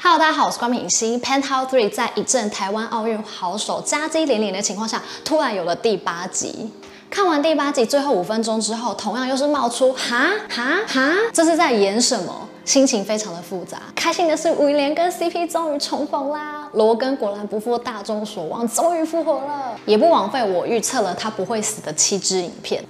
Hello，大家好，我是官品心。Penthouse Three 在一陣台灣奧運好手佳績連連的情況下，突然有了第八集。看完第八集最後五分鐘之後，同樣又是冒出，哈哈哈，這是在演什麼？心情非常的複雜。開心的是，蓮根 CP 終於重逢啦。羅根果然不負大眾所望，終於復活了，也不枉費我預測了他不會死的七支影片。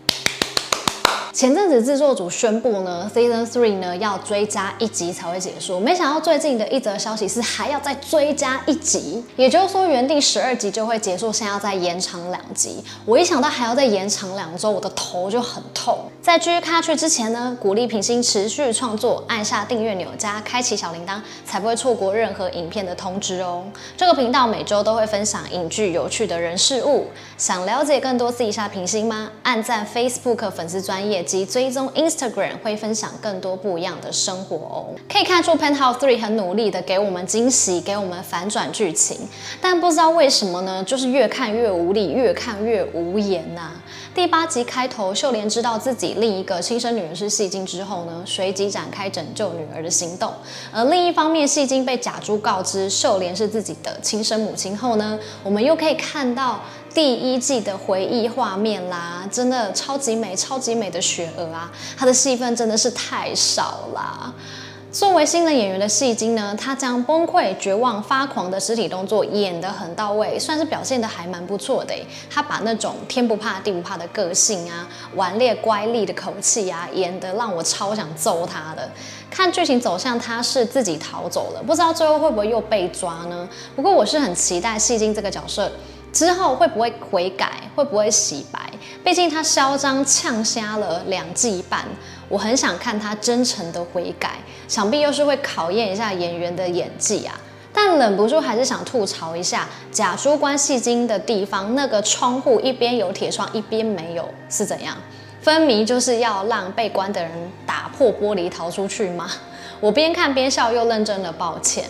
前陣子製作組宣布呢，Season Three 呢要追加一集才會結束。沒想到最近的一則消息是還要再追加一集，也就是說原定十二集就會結束，現在要再延長兩集。我一想到還要再延長兩週，我的頭就很痛。在繼續看下去之前呢，鼓勵品心持續創作，按下訂閱鈕加開啟小鈴鐺，才不會錯過任何影片的通知哦。這個頻道每週都會分享影劇有趣的人事物，想了解更多，私底下品心嗎？按讚 Facebook 粉絲專頁。及追蹤 Instagram 會分享更多不一樣的生活哦。可以看出，《Penthouse 3》很努力的給我們驚喜，給我們反轉劇情。但不知道為什麼呢，就是越看越無力，越看越無言吶、啊。第八集開頭，秀蓮知道自己另一個親生女兒是夕京之後呢，隨即展開拯救女兒的行動。而另一方面，夕京被假朱告知秀蓮是自己的親生母親後呢，我們又可以看到。第一季的回憶畫面啦，真的超級美，超級美的雪娥啊，她的戲份真的是太少啦。作為新人演員的戲精呢，他將崩潰、絕望、發狂的肢體動作演得很到位，算是表現得還蠻不錯的她、欸、他把那種天不怕地不怕的個性啊，頑劣乖戾的口氣啊，演得讓我超想揍他的。看劇情走向，他是自己逃走了，不知道最後會不會又被抓呢？不過我是很期待戲精這個角色。之後會不會悔改？會不會洗白？畢竟他囂張嗆瞎了兩季半，我很想看他真誠的悔改，想必又是會考驗一下演員的演技啊。但忍不住還是想吐槽一下假說關戲精的地方，那個窗戶一邊有鐵窗，一邊沒有，是怎樣？分明就是要讓被關的人打破玻璃逃出去嗎？我邊看邊笑，又認真的抱歉。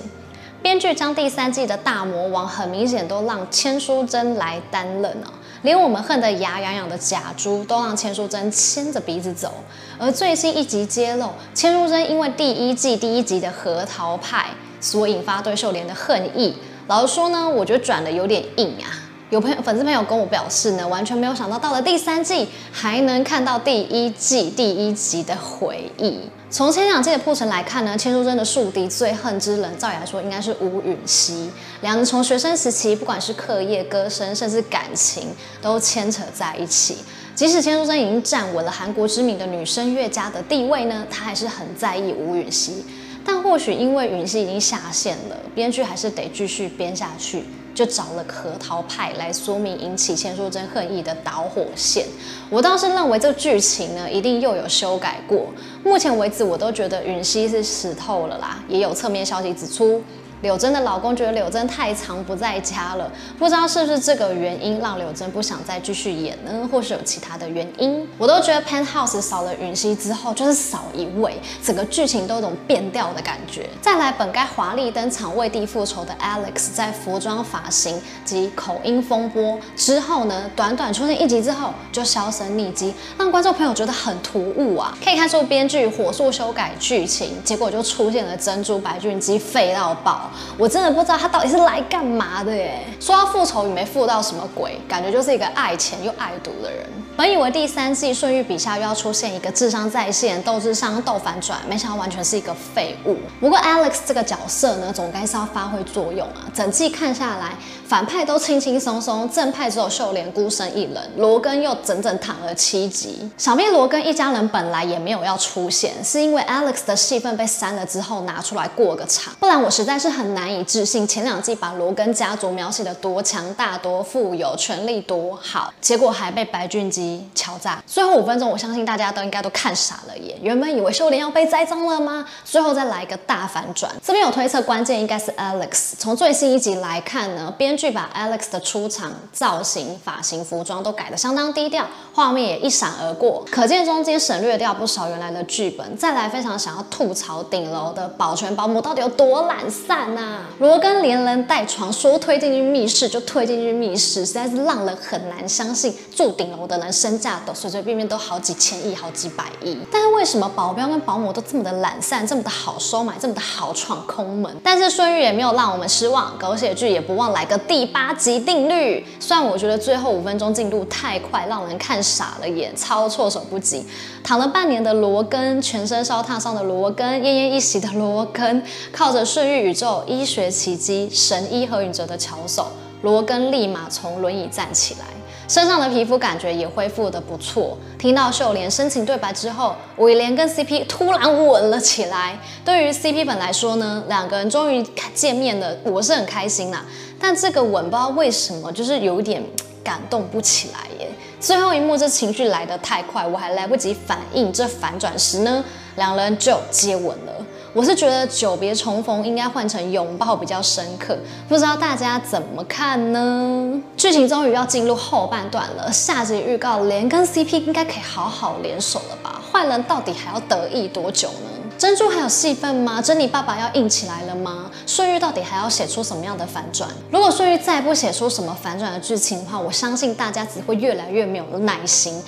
編劇將第三季的大魔王，很明顯都讓千書真來擔任哦、啊，連我們恨得牙癢癢的假珠，都讓千書真牽着鼻子走。而最新一集揭露，千書真因為第一季第一集的核桃派，所以引發對秀蓮的恨意。老實說呢，我覺得轉的有點硬呀、啊。有朋友粉絲朋友跟我表示呢，完全沒有想到到了第三季還能看到第一季第一集的回憶。從前兩季的鋪陳來看呢，千書真的宿敵最恨之人，照理來說應該是吳允熙。兩人從學生時期，不管是課業、歌聲，甚至感情，都牽扯在一起。即使千書真已經站穩了韓國知名的女聲樂家的地位呢，她還是很在意吳允熙。但或許因為允熙已經下線了，編劇還是得繼續編下去，就找了核桃派來說明引起千書真恨意的導火線，我倒是認為這劇情呢一定又有修改過。目前為止，我都覺得允熙是死透了啦，也有側面消息指出，柳真的老公覺得柳真太長不在家了，不知道是不是這個原因讓柳真不想再繼續演呢？或是有其他的原因？我都覺得 Penthouse 少了允熙之後就是少一位，整個劇情都有種變調的感覺。再來，本該華麗登場為弟復仇的 Alex，在服裝、髮型及口音風波之後呢，短短出現一集之後就銷聲匿跡，讓觀眾朋友覺得很突兀啊！可以看出編劇火速修改劇情，結果就出現了珍珠白俊基廢到爆。我真的不知道他到底是來幹嘛的耶，說要復仇也沒復到什麼鬼，感覺就是一個愛錢又愛賭的人。本以為第三季順玉筆下又要出現一個智商在線、鬥智商、鬥反轉，沒想到完全是一個廢物。不過 Alex 這個角色呢，總該是要發揮作用啊！整季看下來，反派都輕輕鬆鬆，正派只有秀蓮孤身一人，羅根又整整躺了七集。想必羅根一家人本來也沒有要出現，是因為 Alex 的戲份被刪了之後拿出來過個場，不然我實在是很難以置信，前兩季把羅根家族描寫的多強大、多富有、權力多好，結果還被白俊基敲詐。最後五分鐘，我相信大家都應該都看傻了眼。原本以為秀蓮要被栽贓了嗎？最後再來一個大反轉，這邊有推測，關鍵應該是 Alex。從最新一集來看呢，編劇把 Alex 的出場造型、髮型、服裝都改得相當低調，畫面也一閃而過，可見中間省略掉不少原來的劇本。再來，非常想要吐槽頂樓的保全保姆到底有多懶散吶、啊！羅根連人帶床說推進去密室就推進去密室，實在是讓人很難相信住頂樓的人，身價都隨隨便便都好幾千億、好幾百億，但是為什麼保鏢跟保姆都這麼的懶散、這麼的好收買、這麼的好闖空門？但是順玉也沒有讓我們失望，狗血劇也不忘來個第八集定律。雖然我覺得最後五分钟進度太快，讓人看傻了眼，超措手不及。躺了半年的羅根，全身燒燙傷的羅根，奄奄一息的羅根，靠着順玉宇宙醫學奇迹、神醫何允哲的巧手。羅根立馬從輪椅站起來，身上的皮膚感覺也恢復的不錯。聽到秀蓮深情對白之後，蓮根 CP 突然吻了起來。對於 CP 粉來說呢，兩個人終於見面了，我是很開心啦。但這個吻不知道為什麼就是有點感動不起來耶、欸。最後一幕這情緒來得太快，我還來不及反應，這反轉時呢，兩人就接吻了。我是覺得久別重逢應該換成擁抱比較深刻，不知道大家怎麼看呢？劇情終於要進入後半段了，下集預告蓮根 CP 應該可以好好聯手了吧？壞人到底還要得意多久呢？珍珠還有戲份嗎？珍妮爸爸要硬起來了嗎？順玉到底還要寫出什麼樣的反轉？如果順玉再不寫出什麼反轉的劇情的話，我相信大家只會越來越沒有耐心。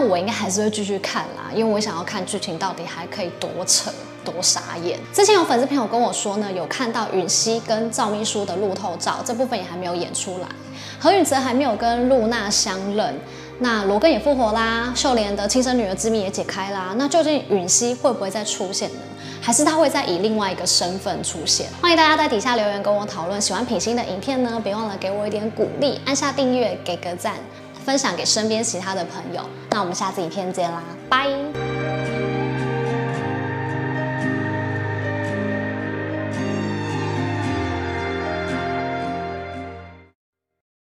那我應該還是會繼續看啦，因為我想要看劇情到底還可以多扯、多傻眼。之前有粉絲朋友跟我說呢，有看到允熙跟趙秘書的路透照，這部分也還沒有演出來。何允澤還沒有跟露娜相認，那羅根也復活啦，秀蓮的親生女兒之謎也解開啦。那究竟允熙會不會再出現呢？還是她會再以另外一個身份出現？歡迎大家在底下留言跟我討論。喜歡品心的影片呢，別忘了給我一點鼓勵，按下訂閱，給個讚。分享給身邊其他的朋友，那我們下次影片見啦，拜。